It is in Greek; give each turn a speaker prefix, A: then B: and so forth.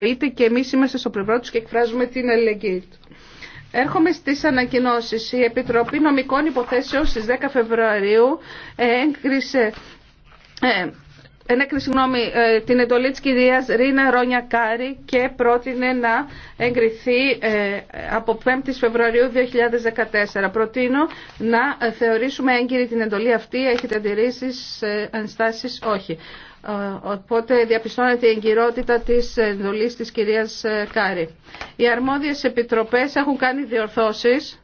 A: είτε και εμείς είμαστε στο πλευρό του και εκφράζουμε την ελεγγύη του. Έρχομαι στι ανακοινώσει. Η Επιτροπή Νομικών Υποθέσεων στις 10 Φεβρουαρίου έγκρισε ε, ενέκρινε συγγνώμη, ε, την εντολή της κυρίας Ρίνα Ρόνια Κάρη και πρότεινε να εγκριθεί ε, από 5η Φεβρουαρίου 2014. Προτείνω να ε, θεωρήσουμε έγκυρη την εντολή αυτή. Έχετε αντιρρήσεις, ενστάσεις, όχι. Οπότε διαπιστώνεται η εγκυρότητα της εντολής της κυρίας Κάρη. Οι αρμόδιες επιτροπές έχουν κάνει διορθώσεις